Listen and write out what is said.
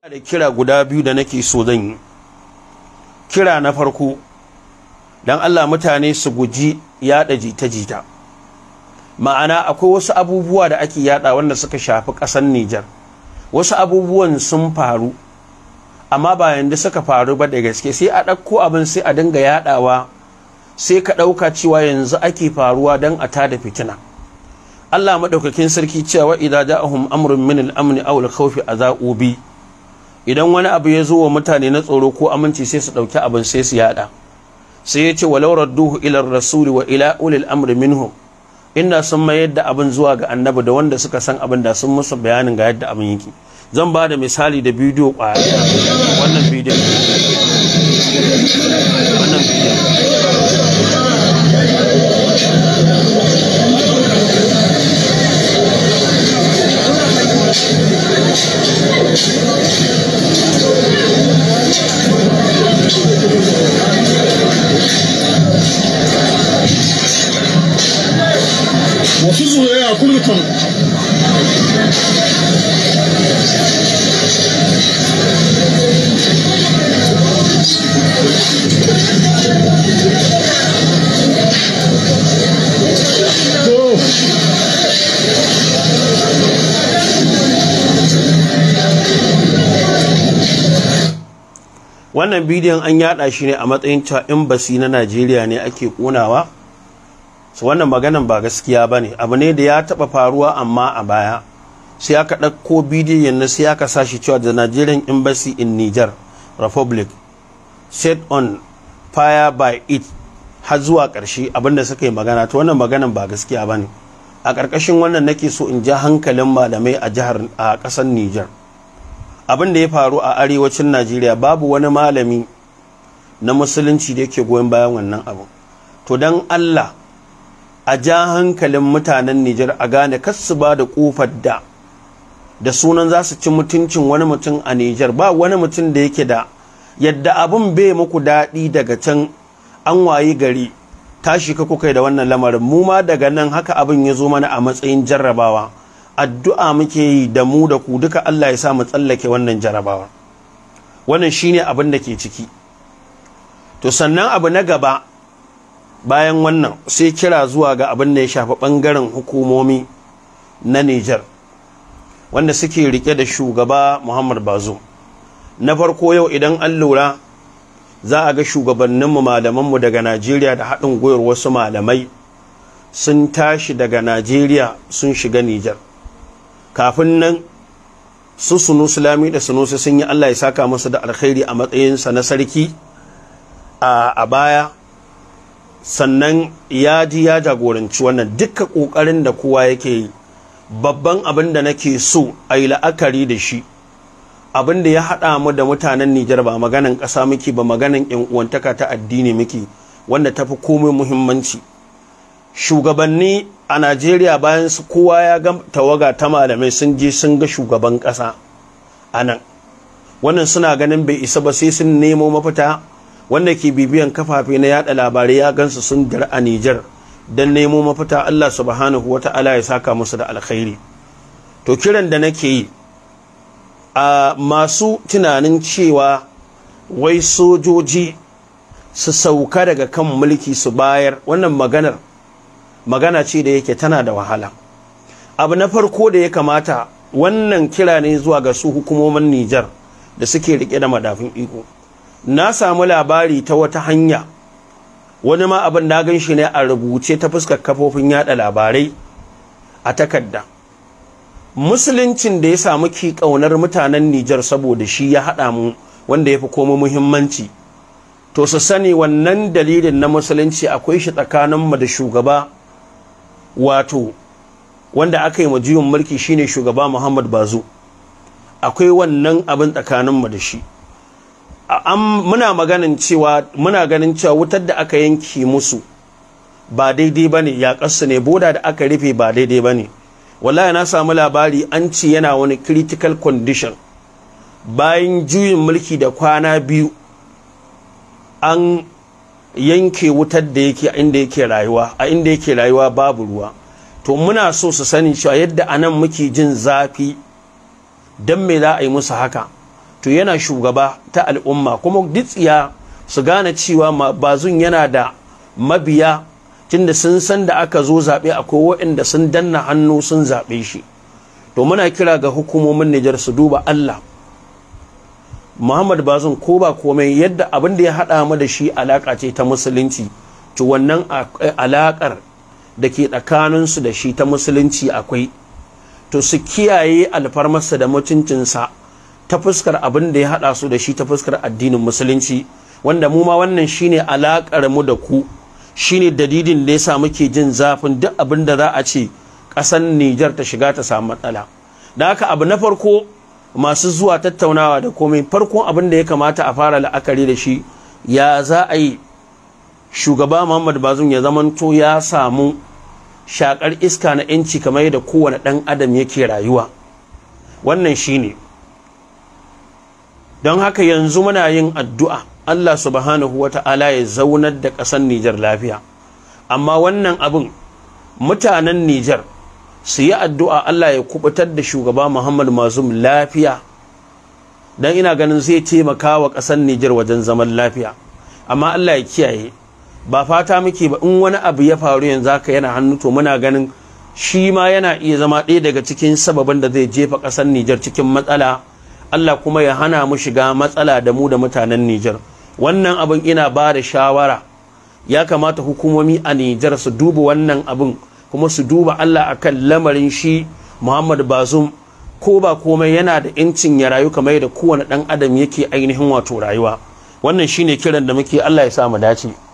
da kira guda biyu da nake so zan yi kira na farko don Allah mutane su guji yada jita-jita ma'ana akwai wasu abubuwa da ake yada wanda suka shafi ƙasar Nijar wasu abubuwan sun faru amma ba yanda suka faru ba da gaske sai a ɗauko abin sai a dinga yadawa sai ka ɗauka cewa yanzu ake faruwa don a tada fitina Allah maɗaukakin sarki cewa idza ja'ahum amrun min al amn aw al-khawfi idan wani abu ya zo wa mutane na tsoro ko aminci sai su ɗauki abin sai su yaɗa sai ya ce wa duhu duhu ilar rasuli wa ila ulil amri minhu inda sun mayar da abin zuwa ga annabi da wanda suka san abin da sun musu bayanin ga yadda abin yake zan ba da misali da bidiyo kwaya wannan bidiyo wannan bidiyo wannan bidiyon an yada shi ne a matsayin ta embassy na Najeriya ne ake kunawa su wannan maganan ba gaskiya ba ne abu ne da ya taba faruwa amma a baya sai aka ɗauko bidiyon na sai aka sashi cewa da Nigerian embassy in Niger Republic set on fire by it har zuwa ƙarshe abinda suka yi magana to wannan maganan ba gaskiya ba ne a ƙarƙashin wannan nake so in ji hankalin malamai a jihar a ƙasar Niger abin da ya faru a arewacin najeriya babu wani malami na musulunci da yake goyon bayan wannan abu to don allah a ja hankalin mutanen nijar a gane kasu ba da kofar da da sunan za su ci mutuncin wani mutum a nijar ba wani mutum da yake da yadda abin bai muku daɗi daga can an wayi gari tashi ka kuka da wannan lamarin mu ma daga nan haka abin ya zo mana a matsayin jarrabawa addu'a muke yi da mu da ku duka Allah ya sa mu tsallake wannan jarabawa wannan shine abin da ke ciki to sannan abu na gaba bayan wannan sai kira zuwa ga abin da ya shafi ɓangaren hukumomi na Nijar wanda suke rike da shugaba Muhammad Bazo na farko yau idan an lura za a ga shugabanninmu malamanmu daga Najeriya da haɗin gwiwar wasu malamai sun tashi daga Najeriya sun shiga Nijar. kafin nan su sulami da sunusi sun yi Allah ya saka masu da alkhairi a matsayinsa na sarki a baya sannan ya ji ya jagoranci wannan dukkan kokarin da kowa yake yi babban abin da nake so a yi la'akari da shi abin da ya haɗa mu da mutanen Nijar ba maganan ƙasa muke ba maganan ƴan uwantaka ta addini muke wanda tafi komai muhimmanci shugabanni a najeriya bayan su kowa ya ga tawaga ta malamai sun je sun ga shugaban ƙasa a nan wannan suna ganin bai isa ba sai sun nemo mafita wanda ke bibiyan kafafe na yada labarai ya gansu sun dar a nijar don nemo mafita allah subhanahu wata'ala ya saka musu da alkhairi to kiran da nake yi a masu tunanin cewa wai sojoji su sauka daga kan mulki su bayar wannan maganar magana ce da yake tana da wahala abu na farko da ya kamata wannan kira ne zuwa ga su hukumomin Nijar da suke rike da madafin iko na samu labari ta wata hanya wani ma abin na gan shi ne a rubuce ta fuskar kafofin yada labarai a takarda musuluncin da ya samu ki kaunar mutanen Nijar saboda shi ya haɗa mu wanda ya fi koma muhimmanci to su sani wannan dalilin na musulunci akwai shi tsakaninmu da shugaba wato wanda aka yi ma juyin mulki shine shugaba Muhammad bazu akwai wannan abin tsakaninmu da shi muna maganin cewa muna ganin cewa wutar da aka yanke musu ba daidai bane ya kasu ne boda da aka rufe ba daidai bane wallahi na samu labari an ce yana wani critical condition bayan juyin mulki da kwana biyu an yanke wutar da yake inda yake rayuwa a inda yake rayuwa babu ruwa to muna so su sani cewa yadda a nan muke jin zafi don me za a yi musu haka to yana shugaba ta al'umma kuma ditsiya su gane cewa bazun yana da mabiya tunda sun san da aka zo zaɓe akwai waɗanda sun danna hannu sun zaɓe shi to muna kira ga hukumomin Nijar su duba Allah Muhammad Bazum ko ba komai yadda abin da ya haɗa mu da shi alaƙa ce ta musulunci to wannan alaƙar da ke tsakanin su da shi ta musulunci akwai to su kiyaye alfarmarsa da mutuncinsa ta fuskar abin da ya haɗa su da shi ta fuskar addinin musulunci wanda mu ma wannan shine alaƙar mu da ku shine dalilin da yasa muke jin zafin duk abin da za a ce ƙasar Nijar ta shiga ta samu matsala da haka abu na farko masu zuwa tattaunawa da komai farkon abin da ya kamata a fara la'akari da shi ya za a yi shugaba muhammad bazum ya zamanto ya samu shakar iska na yanci kamar yadda kowane ɗan adam yake rayuwa wannan shine don haka yanzu muna yin addu'a Allah subhanahu wa ta'ala ya zaunar da ƙasar Nijar lafiya amma wannan abin mutanen Nijar su yi addu'a Allah ya kubutar da shugaba Muhammad Mazum lafiya don ina ganin zai taimaka wa ƙasar Nijar wajen zaman lafiya amma Allah ya kiyaye ba fata muke ba in wani abu ya faru yanzu haka yana hannu to muna ganin shi ma yana iya zama ɗaya daga cikin sababin da zai jefa ƙasar Nijar cikin matsala Allah kuma ya hana mu shiga matsala da mu da mutanen Nijar wannan abin ina ba da shawara ya kamata hukumomi a Nijar su duba wannan abin kuma su duba Allah akan lamarin shi Muhammad Bazum ko ba komai yana da incin ya rayu kamar da kowane ɗan adam yake ainihin wato rayuwa wannan shine kiran da muke Allah ya sa mu dace